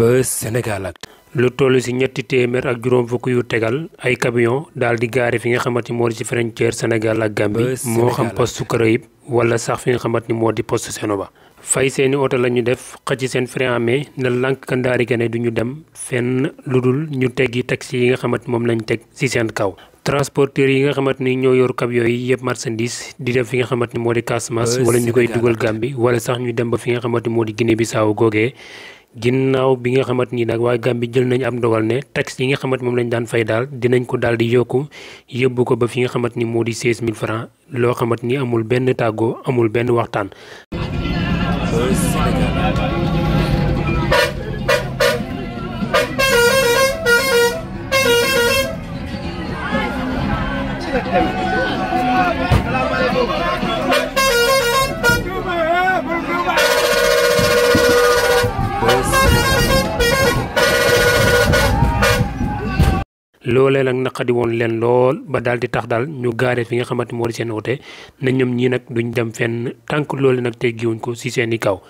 ba Sénégal ak. lu toll ci ñetti téeméer ak juróom fukk yu tegal ay camion daal di gaare fi nga xamante ni moo di ci frontière Sénégal ak Gambie moo xam poste Caraïbes wala sax fi nga xamante ni moo di poste Senaba fay seeni oto la ñu def xëcc seen frein amee na lànk kandaari ne du ñu dem fenn lu dul ñu teggi taxi yi nga xamante moom lañ teg ci seen kaw. transporteurs yi nga xamante ni ñoo yor camion yi yëpp marchandise di dem fi nga xamante ni moo di Casamance wala ñu koy moo di Guinée ginnaaw bi nga xamante ni nag waa gam bi jël nañu am ndogal ne taxe yi nga xamante moom lañ daan fay daal dinañ ko daal di yokku yóbbu ko ba fi nga xamante ni moo di 16000 francs loo xamante ni amul benn tàggoo amul benn waxtaan. loolee nag naqadi woon leen lool ba daal di tax daal ñu gaaree fi nga xamante moo di seen wute na ñoom ñii nag duñ dem fenn tànk loole nag teggiwuñ ko si seen i kaw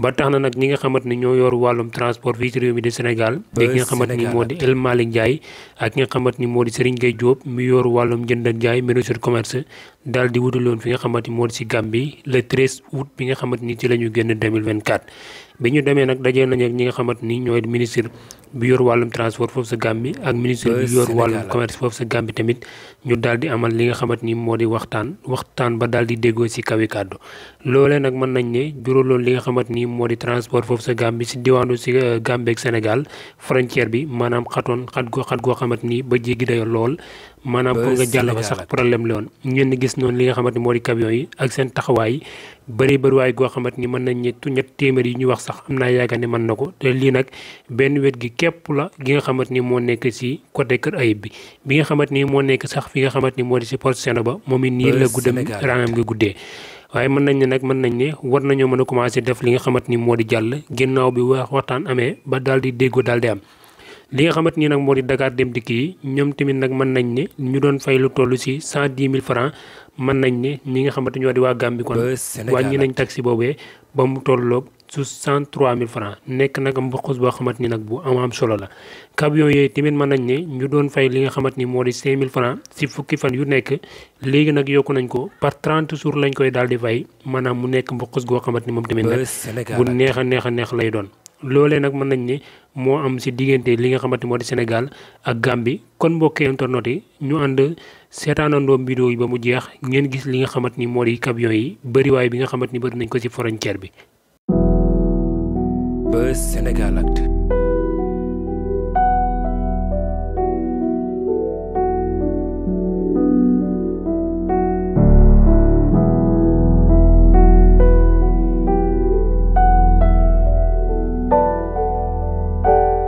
ba tax na nag ñi nga xamante ni ñoo yor wàllum transport fii ci réew mi di Sénégal di ki nga xamante ni moo ak xamante ni moo di Serigne Gueye Diop mu yor wàllum jënd ak jaay ministre commerce daal di wutaloon fi nga xamante ni moo di si Gambie le 13 août bi nga xamante ni ci la ñu génn 2024 bi ñu demee nag dajee nañ ak ñi nga xamante ni ñooy ministre bi yor wàllum transport foofu sa Gàmbi ak ministre bi yor wàllum commerce foofu sa Gàmbi tamit ñu daal di amal li nga xamante ni moo di waxtaan waxtaan ba daal di déggoo si kawi kàddu loolee nag mën nañ ne juróoloon li nga xamante ni moo di transport foofu sa Gàmbi si diwaanu si euh, Gàmbi ak Sénégal frontière bi maanaam xatoon xat goo xat goo xamante ni ba jéggi dayo lool maanaam pour nga jàll fa sax problème la woon ñenn gis noonu li nga xamante ni moo di camion yi ak seen taxawaay bëri bëriwaay goo xamante ni mën nañ ñett ñett téeméer yi ñu wax sax am naa yaakaar ne mën na ko képp la gi nga xamante ni moo nekk si côté kër ayib bi bi nga xamante ni moo nekk sax fi nga xamante ni moo di si poste ba moom it nii la guddam rangam gi guddee waaye mën nañ ne nag mën nañ ne war nañoo mën a commencé def li nga xamante ni moo di jàll ginnaaw bi wax waxtaan amee ba daal di déggoo daal di am li nga xamante ni nag moo di Dakar dem dikk yi ñoom tamit nag mën nañ ne ñu doon fay lu toll si cent dix mille francs mën nañ ñi nga xamante ñoo di waa Gambie kon wàññi nañ taxi boobee ba mu tolloog su cent trois mille nekk nag mboqus boo xamante ni nag bu am am solo la. camion yooyu tamit mën nañ ne ñu doon fay li nga xamante ni moo di cinq mille francs si fukki fan yu nekk léegi nag yokk nañ ko par trente jours lañ koy daal di fay maanaam mu nekk mboqus goo xamante ni moom tamit nag bu neex a neex lay doon. loolee nag mën nañ ne moo am si diggante li nga xamante moo di senegal ak Gambie kon mbokki internet yi ñu ànd seetaanandoo vidéo yi ba mu jeex ngeen gis li nga xamante ni moo di camion yi bëriwaay bi nga xamante ni bëri nañ ko si frontière bi. Buzz Sénégal Actu